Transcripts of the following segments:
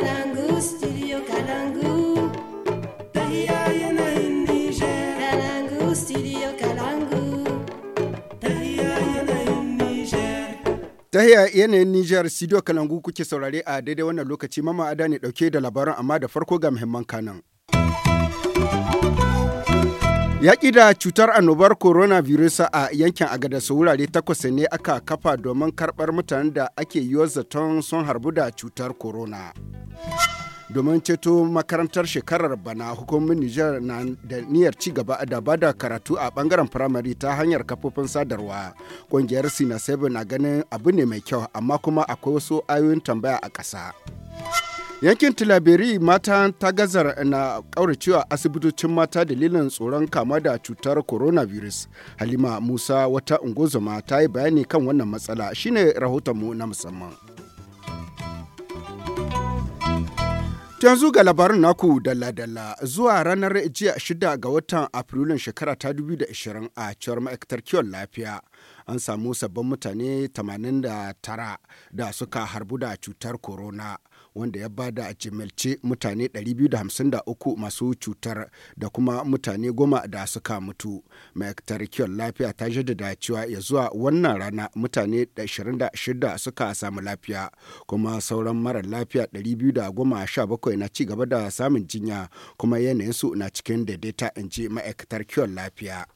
kalangu studio kalangu kalangu yanayin Nijar studio kalangu kuke saurare a daidai wannan lokaci mama ada ne dauke da labaran amma da farko ga muhimman kanan Yaƙi da cutar annobar coronavirus a yankin su wurare takwas ne aka kafa domin karɓar mutanen da ake yiwuwar zaton sun harbu da cutar corona. domin ceto makarantar shekarar bana hukumomin Nijar na da niyyar ci gaba da bada karatu a bangaren firamare ta hanyar kafofin sadarwa. Kungiyar Sina na ganin abu ne mai kyau amma kuma akwai wasu ayoyin tambaya a ƙasa. yankin tilaberi mata ta gazar na kauracewa asibitocin mata dalilin tsoron kama da cutar coronavirus halima musa wata ungozoma ta yi bayani kan wannan matsala shine rahotonmu na musamman yanzu ga labarin naku dala dalla zuwa ranar jiya shida ga watan Afrilun shekara ta 2020 a cewar ma'aikatar kiwon lafiya. An samu sabbin mutane 89 da suka harbu da cutar corona. wanda ya bada a cimilce mutane 253 masu cutar da kuma mutane goma da suka mutu. Ma'aikatar kiwon lafiya ta jaddada cewa ya zuwa wannan rana mutane 26 suka samu lafiya kuma sauran marar lafiya 217 na ci gaba da samun jinya kuma yanayinsu na cikin daidaita in ji ma'aikatar kiwon lafiya.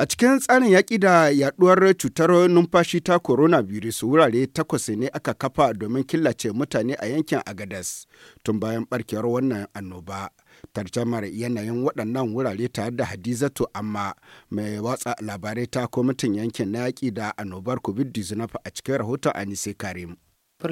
A cikin tsarin yaƙi da yaɗuwar cutar numfashi ta coronavirus wurare takwas ne aka kafa domin killace mutane a yankin Agadas tun bayan ɓarkewar wannan annoba. Tarjamar yanayin waɗannan wurare tare da Hadizatu amma mai watsa labarai ta kwamitin yankin na yaƙi da annobar COVID-19 a cikin rahoton Anise Karim. A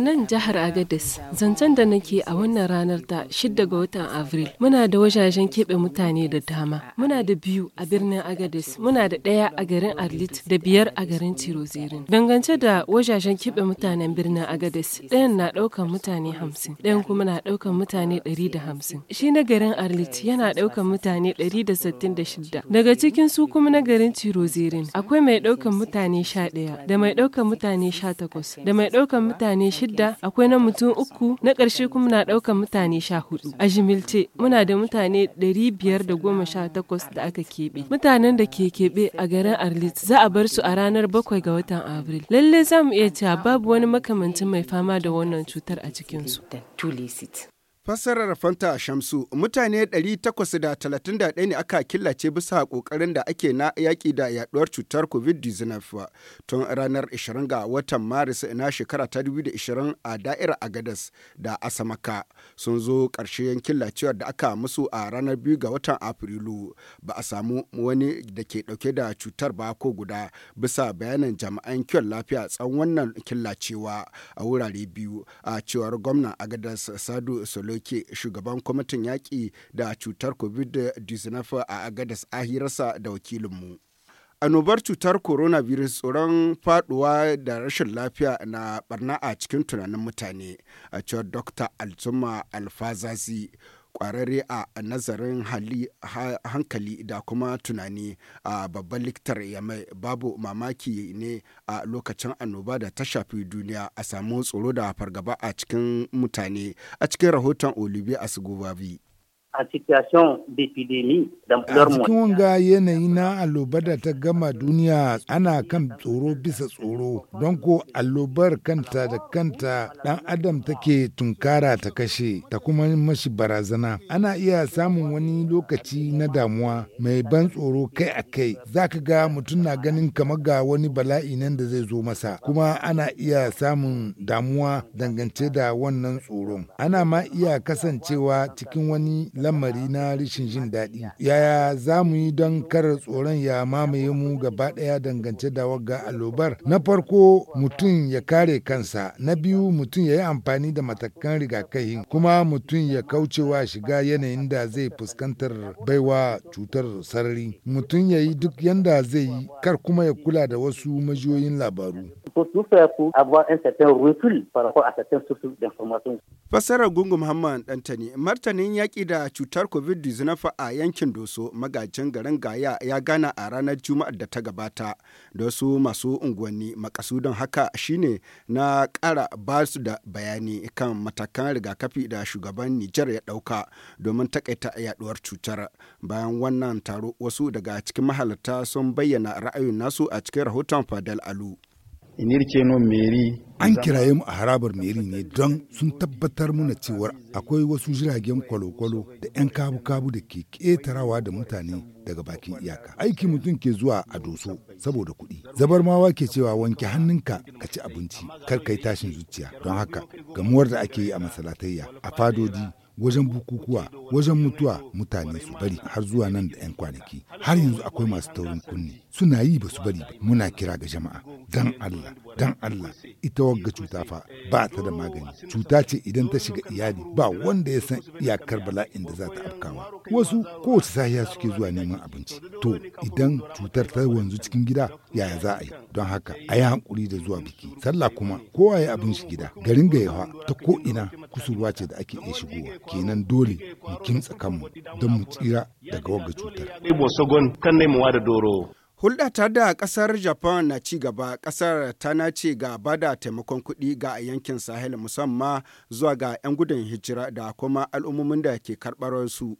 nan jihar Agadez, zancen da nake a wannan ranar ta 6 ga watan Afril, muna da wajajen keɓe mutane da dama. Muna da biyu a birnin Agadez, muna da ɗaya a garin Arlit da biyar a garin Tirozirin. Dangance da wajajen keɓe mutanen birnin Agadez, ɗayan na ɗaukan mutane hamsin, ɗayan kuma na ɗaukan mutane ɗari da hamsin. Shi na garin Arlit yana ɗaukan mutane ɗari da sittin da shida. Daga cikin su kuma na garin Tirozirin, akwai mai ɗaukan mutane sha ɗaya da mai ɗaukan mutane mutane sha takwas da mai ɗaukan mutane shidda akwai na mutum uku na ƙarshe kuma na ɗaukan mutane sha hudu a jimilce muna da mutane ɗari biyar da goma sha takwas da aka keɓe mutanen da ke keɓe a garin arlit za a bar su a ranar bakwai ga watan abril lallai za mu iya cewa babu wani makamancin mai fama da wannan cutar a cikinsu Fassarar Fanta Shamsu mutane 831 ne aka killace bisa kokarin da ake na yaƙi da yaduwar cutar COVID-19 tun ranar 20 ga watan Maris na shekara ta 2020 a da'irar Agadas da Asamaka sun zo ƙarshen killacewar da aka musu a ranar 2 ga watan Afrilu ba a samu wani da ke ɗauke da cutar ba ko guda bisa bayanan jama'an kiwon lafiya tsawon wannan killacewa a wurare biyu a cewar gwamnan Agadas Sadu Solo doke shugaban kwamitin yaƙi da cutar covid-19 a agadas ahirarsa da wakilinmu. annobar cutar coronavirus tsoron faduwa da rashin lafiya na barna a cikin tunanin mutane a cewar dr alzuma alfazazi kwararre a nazarin hali hankali da kuma tunani a babban likitar yamai babu mamaki ne a lokacin annoba da ta shafi duniya a samu tsoro da fargaba a cikin mutane a cikin rahoton olivier asugubavi a situation d'ampleur A cikin wanga yanayi na allobar da ta gama duniya ana kan tsoro bisa tsoro don ko allobar kanta da kanta dan adam take tunkara ta kashe ta kuma mashi barazana. Ana iya samun wani lokaci na damuwa mai ban tsoro kai a kai za ga mutum na ganin kamar ga wani bala'i nan da zai zo masa kuma ana iya samun damuwa dangance da wannan tsoron. Ana ma iya kasancewa cikin wani lamari na rashin jin daɗi. Yaya za mu yi don kar tsoron ya mamaye mu gaba ɗaya dangance da wagga allobar? Na farko mutum ya kare kansa, na biyu mutum ya yi amfani da matakan rigakafi, kuma mutum ya kaucewa shiga yanayin da zai fuskantar baiwa cutar sarari. Mutum ya yi duk yanda zai yi, kar kuma ya kula da wasu majiyoyin labaru. faut tout faire pour avoir un certain recul par rapport à certaines sources d'informations. Fassara Gungu Muhammad Dantani, martanin yaƙi da cutar COVID-19 a yankin Doso magajin garin Gaya ya gana a ranar Juma'ar da ta gabata da wasu masu unguwanni makasudan haka shine na ƙara ba da bayani kan matakan rigakafi da shugaban Nijar ya ɗauka domin taƙaita yaɗuwar cutar. Bayan wannan taro wasu daga cikin mahalarta sun bayyana ra'ayin nasu a cikin rahoton Fadal Alu. meri. An kiraye mu a harabar Meri ne don sun tabbatar muna cewar akwai wasu jiragen kwalokwalo da 'yan kabu-kabu da ke ƙetarawa da mutane daga bakin iyaka. Aiki mutum ke zuwa a doso saboda kuɗi. Zabarmawa ke cewa wanke hannunka ka ci abinci, kar kai tashin zuciya. Don haka, gamuwar da ake yi a masalatayya, a fadodi, wajen bukukuwa wajen mutuwa mutane su bari har zuwa nan da 'yan kwanaki har yanzu akwai masu taurin kunne suna yi ba su bari ba muna kira ga jama'a dan Allah dan Allah ita wagga cuta fa ba ta da magani cuta ce idan ta shiga iyali ba wanda ya san iyakar bala'in da za ta afkawa wasu kowace sahiya suke zuwa neman abinci to idan cutar ta wanzu cikin gida yaya za a yi don haka a yi hankuri da zuwa biki sallah kuma kowa ya abin shi gida garin gayawa ta ko ina kusurwa ce da ake iya shigowa kenan dole mu kintsa kanmu don mu tsira daga wagga cutar. Hulɗa ta da ƙasar Japan na ci gaba, ƙasar ta nace ga bada taimakon kuɗi ga yankin Sahel musamman zuwa ga 'yan gudun hijira da kuma al'ummomin da ke karɓar su.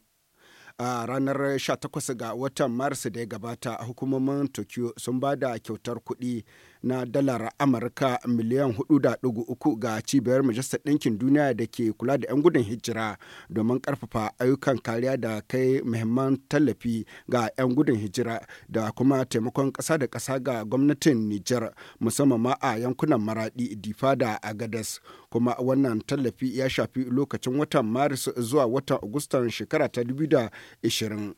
a ranar 18 ga watan maris da ya gabata hukumomin tokyo sun ba da kyautar kuɗi na dalar Amurka miliyan 4.3 ga cibiyar Majalisar Ɗinkin Duniya da ke kula da 'yan gudun hijira domin ƙarfafa ayyukan kariya da kai muhimman tallafi ga 'yan gudun hijira da kuma taimakon ƙasa da ƙasa ga gwamnatin Nijar musamman ma a yankunan Maraɗi, Difa da Agadas. Kuma wannan tallafi ya shafi lokacin watan Maris zuwa watan Agustan shekara ta 2020.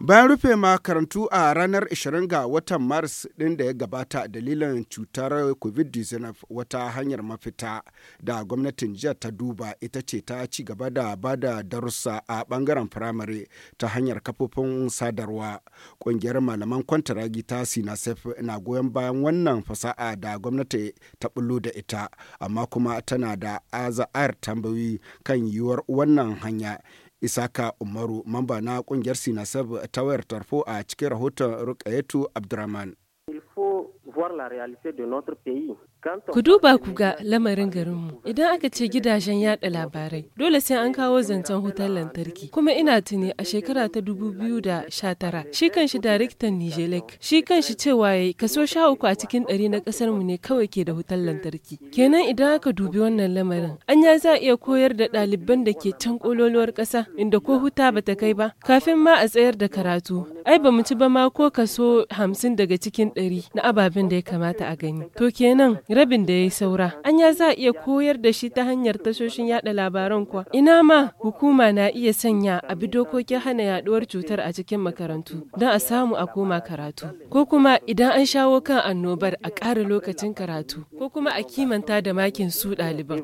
Bayan rufe makarantu a ranar 20 ga watan mars din da ya gabata dalilin cutar COVID-19 wata hanyar mafita da gwamnatin jiya ta duba ita ce ta ci gaba da bada darussa a bangaren firamare ta hanyar kafofin sadarwa. Ƙungiyar malaman kwantaragi ta Sinasef na goyon bayan wannan fasaha da gwamnati ta bullo da ita, amma kuma tana da aza'ar tambayoyi kan yiwuwar wannan hanya. Isaka Umaru mamba na kungiyar Sinasab ta tarfo a cikin rahoton Rukayetu Abdurrahman. Ku duba ku ga lamarin garinmu. Idan aka ce gidajen yaɗa labarai, dole sai an kawo zancen wutar lantarki. Kuma ina tuni a shekara ta da 2019, shi kanshi daraktan Nijelek, shi kanshi cewa yayi kaso sha uku a cikin ɗari na ƙasar mu ne kawai ke da wutar lantarki. Kenan idan aka dubi wannan lamarin, an ya za iya koyar da ɗaliban da ke can ƙololuwar ƙasa inda ko huta ba ta kai ba. Kafin ma a tsayar da karatu, ai ba mu ci ba ma ko kaso hamsin daga cikin ɗari na ababen abin da ya kamata a gani. To kenan rabin da ya yi saura. Anya za a iya koyar da shi ta hanyar tashoshin yada labaran kuwa. Ina ma hukuma na iya sanya a bi dokokin hana yaduwar cutar a cikin makarantu don a samu a koma karatu. Ko kuma idan an shawo kan annobar a ƙara lokacin karatu ko kuma a kimanta da makin su ɗaliban.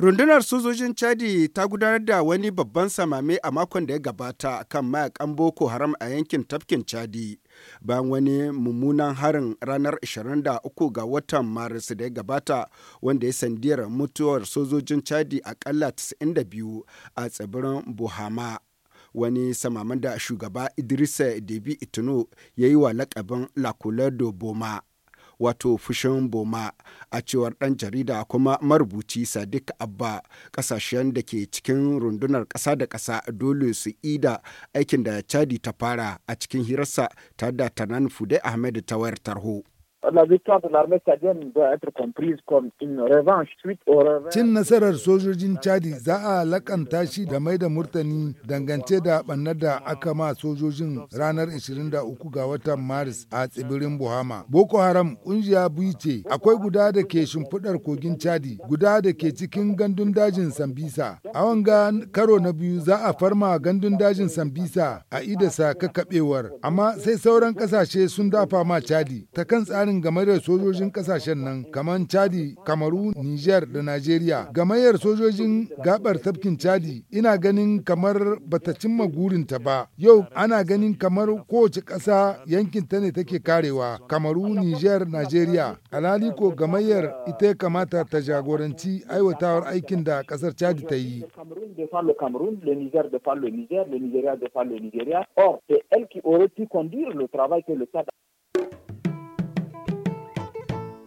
Rundunar sojojin Chadi ta gudanar da wani babban samame a makon da ya gabata kan mayakan Boko Haram a yankin tafkin Chadi. bayan wani mummunan harin ranar 23 ga watan maris da ya gabata wanda ya sandiyar mutuwar sojojin chadi akalla 92 a tsibirin buhama wani samaman da shugaba idrisa debi itino ya yi wa lakabin lakulado boma wato fushin boma a cewar ɗan jarida kuma marubuci sadiq abba ƙasashen da ke cikin rundunar ƙasa da ƙasa dole su ida aikin da chadi ta fara a cikin hirarsa ta da tanan fude ahmed ta wayar tarho. La victoire de l'armée tchadienne doit être comprise comme une revanche suite au revers. Cin nasarar sojojin Chadi za a lakanta shi da mai da murtani dangance da bannar da aka ma sojojin ranar 23 ga watan Maris a tsibirin Buhama. Boko Haram kungiya biyu ce, akwai guda da ke shimfiɗar kogin Chadi, guda da ke cikin gandun dajin Sambisa. A wanga karo na biyu za a farma gandun dajin Sambisa a idasa kakabewar, amma sai sauran ƙasashe sun dafa ma Chadi ta kan tsarin sanin game da sojojin kasashen nan kamar Chadi, Kamaru, Niger da Najeriya. Gamayyar sojojin gabar tafkin Chadi ina ganin kamar bata cimma gurinta ba. Yau ana ganin kamar kowace ƙasa yankin ta ne take karewa, Kamaru, Niger, nigeria alaliko ko gamayyar ita ya kamata ta jagoranci aiwatawar aikin da ƙasar Chadi ta yi. Or,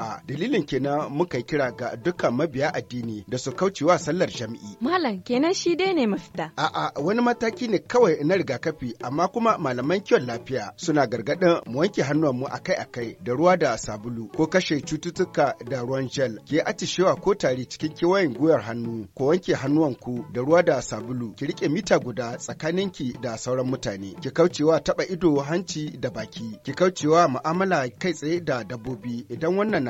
jama'a dalilin kenan muka kira ga duka mabiya addini da su kaucewa sallar jami'i. Malam kenan shi dai ne mafita. A'a wani mataki ne kawai na rigakafi amma kuma malaman kiwon lafiya suna gargadin mu wanke mu akai-akai da ruwa da sabulu ko kashe cututtuka da ruwan gel ke atishewa ko tari cikin kewayen guyar hannu ko wanke hannuwanku da ruwa da sabulu ki rike mita guda tsakaninki da sauran mutane ki kaucewa taba ido hanci da baki ki kaucewa mu'amala kai tsaye da dabbobi idan wannan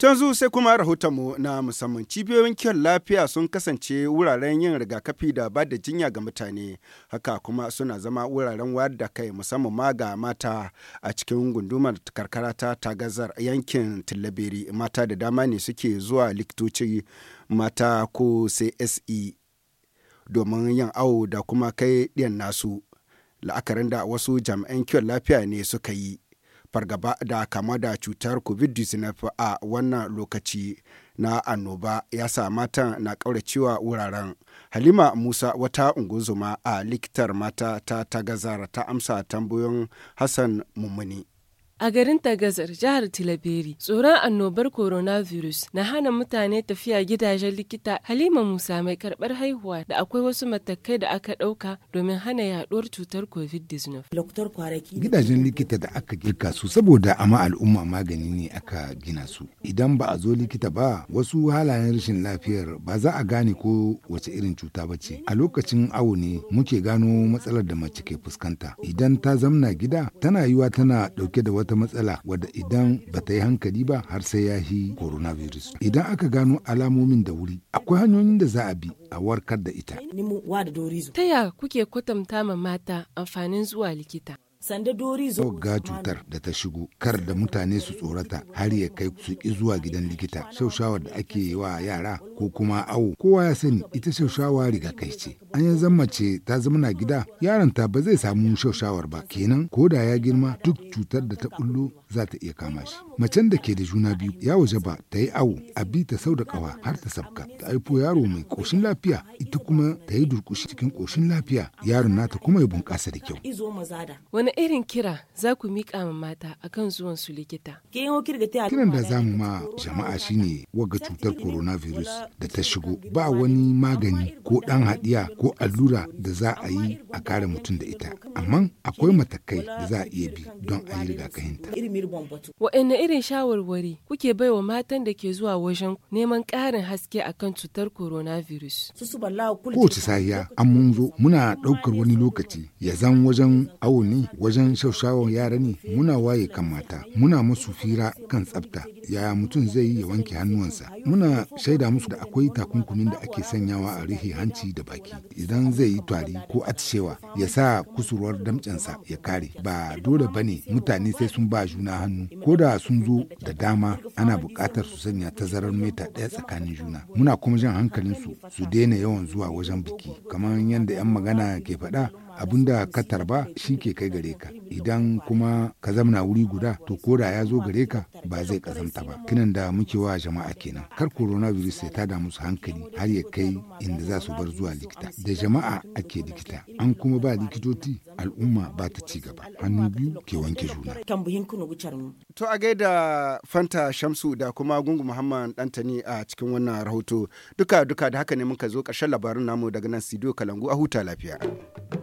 Tanzu sai kuma rahoton mu na musamman cibiyoyin kiwon lafiya sun kasance wuraren yin rigakafi da ba da jinya ga mutane haka kuma suna zama wuraren wayar da kai musamman ma ga mata a cikin gundumar karkara ta tagazar yankin tillabiri mata da dama ne suke zuwa likitoci mata ko CSE domin yin awo da kuma kai ɗiyan nasu la'akarin da wasu jami'an kiwon lafiya ne suka yi. fargaba da kama da cutar covid-19 a wannan lokaci na annoba ya sa matan na ƙauracewa wuraren. Halima Musa wata unguzuma a likitar mata ta tagazara ta amsa tambayoyin Hassan Mummuni. A garin Tagazar, jihar Tilaberi, tsoron annobar coronavirus na hana mutane tafiya gidajen likita Halima Musa mai karɓar haihuwa da akwai wasu matakai da aka ɗauka domin hana yaɗuwar cutar COVID-19. Gidajen likita da aka girka su saboda ama al'umma magani ne aka gina su. Idan ba a zo likita ba, wasu halayen rashin lafiyar ba za a gane ko wace irin cuta ba ce. A lokacin awo ne muke gano matsalar da mace ke fuskanta. Idan ta zamna gida, tana yiwa tana dauke da wata wata matsala wadda idan ba ta yi hankali ba har sai ya yi coronavirus. Idan aka gano alamomin da wuri, akwai hanyoyin da za a bi a warkar da ita. Ta ya kuke kwatanta ma mata amfanin zuwa likita? sanda dori zo ga cutar da ta shigo kar da mutane su tsorata har ya kai su ki zuwa gidan likita shaushawar da ake yi wa yara ko kuma awo kowa ya sani ita shaushawa kai ce an ya zama ce ta zama gida yaron ta ba zai samu shaushawar ba kenan ko da ya girma duk cutar da ta bullo za ta iya kama shi macen da ke da juna biyu ya waje ba ta yi awo a bi ta sau da kawa har ta sabka ta aifo yaro mai koshin lafiya ita kuma ta yi durkushi cikin koshin lafiya yaron nata kuma ya bunƙasa da kyau wani irin kira za ku miƙa ma mata akan zuwan su likita? Kiran da zamu ma jama'a shine waga cutar coronavirus da ta shigo ba wani magani ko ɗan haɗiya ko allura da za a yi a kare mutum da ita. Amma akwai matakai da za a iya bi don a yi ta. Waɗanne irin shawarwari kuke bai wa matan da ke zuwa wajen neman ƙarin haske a kan cutar coronavirus? Kowace sahiya an mun zo muna ɗaukar wani lokaci ya zan wajen awo ne wajen shashawar yara ne muna waye kan mata muna musu fira kan tsafta yaya mutum zai yi ya wanke hannuwansa muna shaida musu da akwai takunkumin da ake sanyawa a rihe hanci da baki idan zai yi tari ko atishewa ya sa kusurwar damcensa ya kare ba dole bane mutane sai sun ba juna hannu ko da sun zo da dama ana buƙatar su sanya tazarar mita ɗaya tsakanin juna muna kuma jan hankalinsu su daina yawan zuwa wajen biki kamar yadda 'yan magana ke faɗa da ka tarba shi ke kai gare ka idan kuma ka zamna wuri guda to ko da ya zo gare ka ba zai kazanta ba kinan da muke wa jama'a kenan kar coronavirus ya tada musu hankali har ya kai inda za su bar zuwa likita da jama'a ake likita an kuma ba likitoci al'umma ba ta ci gaba hannu biyu ke wanke juna to a gaida fanta shamsu da kuma gungu muhammad dantani a cikin wannan rahoto duka duka da haka ne muka zo karshen labarin namu daga nan studio kalangu a huta lafiya